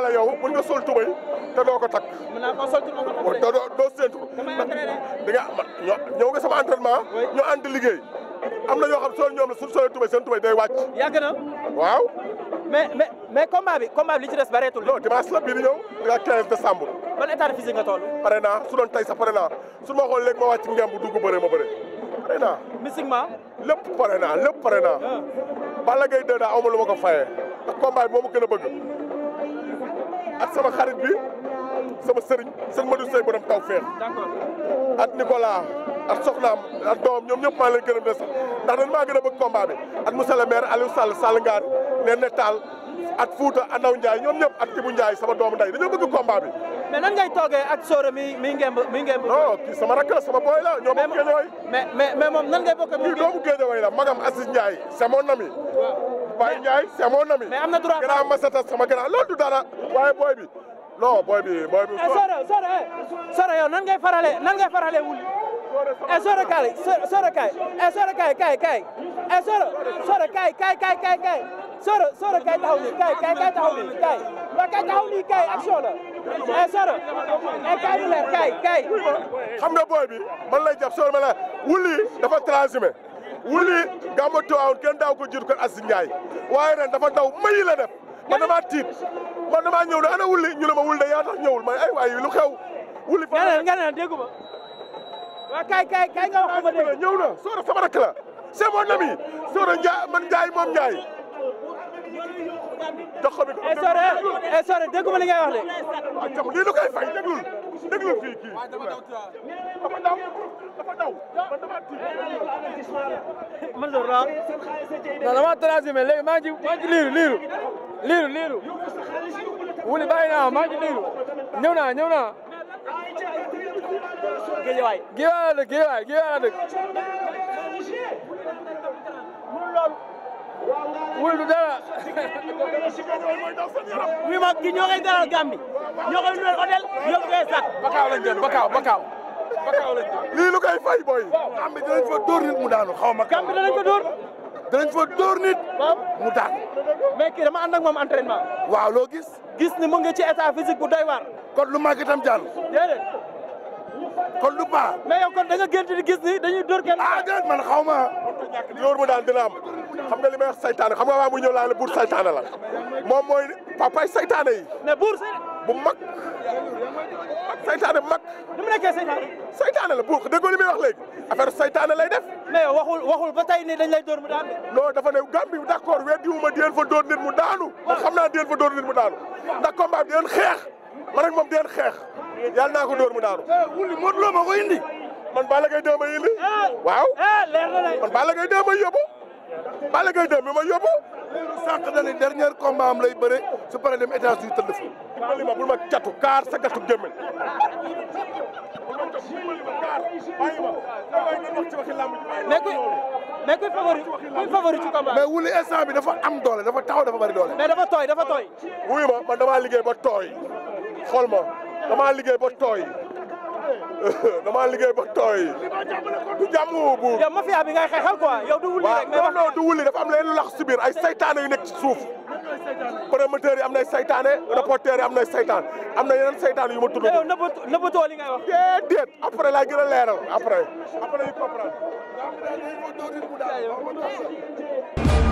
naa la yow mën nga sol tubay te doo ko takk. mën naa koo sol tubay doo ko takk doo doo séntu. damay entraîné da nga ñëw nga sama entraînement. ñu ànd liggéey. am na yoo xam soo ñoom la suñu tubay seen tubay day wàcc. yàgg na waaw. mais mais mais combat bi combat bi li la bii di ñëw da nga 15 décembre. ban état nga toll. pare naa su doon tey pare naa su ma xool pare naa. mystiquement. lépp pare pare naa. Ah. Balla Gaye 2 aw ma lu ma ko fayee. ndax combat bi moo a bëgg. ak sama xarit bi sama sëriñ sëñ Madou Seye borom taw feex ak Nicolas ak soxnaam ak doom ñoom ñëpp maa leen gërëm de sax ndax dañ maa gën a bëgg combat bi ak monsieur le maire Aliou Sall Sall Ngaar ne ne taal ak Fouta Andaw Ndiaye ñoom ñëpp ak Ibou njaay sama doomu nday dañoo bëgg combat bi mais nan ngay toogee ak Soro mi mi ngemb mi kii sama rakk sama booy la ñoo bokk géej mais mais mais moom nan ngay bokk ak. kii doomu géej way la magam Assis Ndiaye c'est mon ami. waaw Baye am na droit grand Masata sama grand loolu du dara waaye booy bi non booy bi booy bi. Eh, Soro Soro eh. Soro yow nan ngay faralee nan ngay faralee wul. e Soro Kaay Soro Kaay e Soro Kaay Kaay Kaay e Soro Soro Kaay Kaay Kaay Kaay Soro Soro Kaay taxaw Kaay Kaay Kaay waaw kay taxaw lii kay action la eh Soro eh kay mu kay kay. xam nga booy bi man lay jàpp Soro ma la wuli dafa transhumé wuli gàmmu Tiwaawan kenn daaw ko jiitu kër Asi Ndiaye waaye ren dafa daw mayi la def man damaa tiit man damaa ñëw ne ana wuli ñu ne ma wuli de yaa tax ñëwul man ay waay lu xew. wuli fa nga ne nga ma kay kay kay nga wax ma na Soro sama rakk la c'est mon ami Soro Ndiaye man Ndiaye moom Ndiaye. jox ko bi. Essoré Essoré dégguma li ngay wax de. waaw jox lii lu koy fay déglul déglul fii kii. dafa daw dafa daw man damaa tiit. man de raam non damaa transformé léegi maa ngi ci maa ngi ci liiru liiru liiru liiru wuli bàyyi naa maa ngi ci liiru ñëw naa ñëw naa. géej waay géej waay la géej waay géej waay la dëkk. wul du dara. wii ma kii ñoo koy dalal Gambie ñoo koy nuyal hôtel ñoo koy sax. Bakaaw lañ jël Bakaaw Bakaaw. Bakaaw lañ jël lii lu koy fay booy. Gambie danañ fa dóor mu daanu xaw ma. Gambie danañ ko dóor. danañ fa dóor nit. waaw mu daanu. mais kii dama ànd ak moom entraînement. waaw loo gis. gis ni mu ngi ci état physique bu doy waar. kon lu màgg itam jàll. déedéet. kon lu baax. mais yow kon da nga gënt di gis ni dañuy dóor kenn. Ah, man xaw ma. dóor mu daan xam nga li may wax saytaane xam nga waa muy ñëw la buur saytaane moom mooy papaay saytaane yi. mais buur bu mag saytaane bu mag. ni mu nekkee saytaane. saytaane la buur déggoo li muy wax léegi affaire saytaane lay def. mais waxul waxul ba tey ne dañ lay dóor mu daanu. non dafa ne Gambie bi d' accord weddi wu ma di leen fa dóor nit mu daanu. waaw xam naa di leen fa nit mu daanu. ndax combat bi di ma xeex man ak moom di leen xeex yàlla naa ko dóor mu daanu. Eh, wuli Modou Lo ma ko indi. man Balla Gaye dama indi. Eh, waaw. Eh, leer na man Balla Gaye 2 mi ma yóbbu sànq na ni dernier combat am lay bëre su paree dem États-Unis tëdd fa. dimbali ma bul ma catu kaar sa gatu gémmiñ mais kuy favori kuy favori ci combat mais wuli instant bi dafa am doole dafa taxaw dafa bari doole. mais dafa tooy dafa tooy. wuyu ma man damaa liggéey ba tooy xool ma damaa liggéey ba tooy. damaa liggéey ba tooy. du jàmm bu. yow mafia bi ngay xeexal quoi yow du wuli rek. non non du wuli dafa am leneen lu lax si biir ay saytaane yu nekk ci suuf. promoteur yi am nay saytaane reporter yi am nay saytaan am na yeneen saytaan yu ma tudd. yow nëbëtoo li ngay wax. déedéet après laay gën a leeral après. après ñu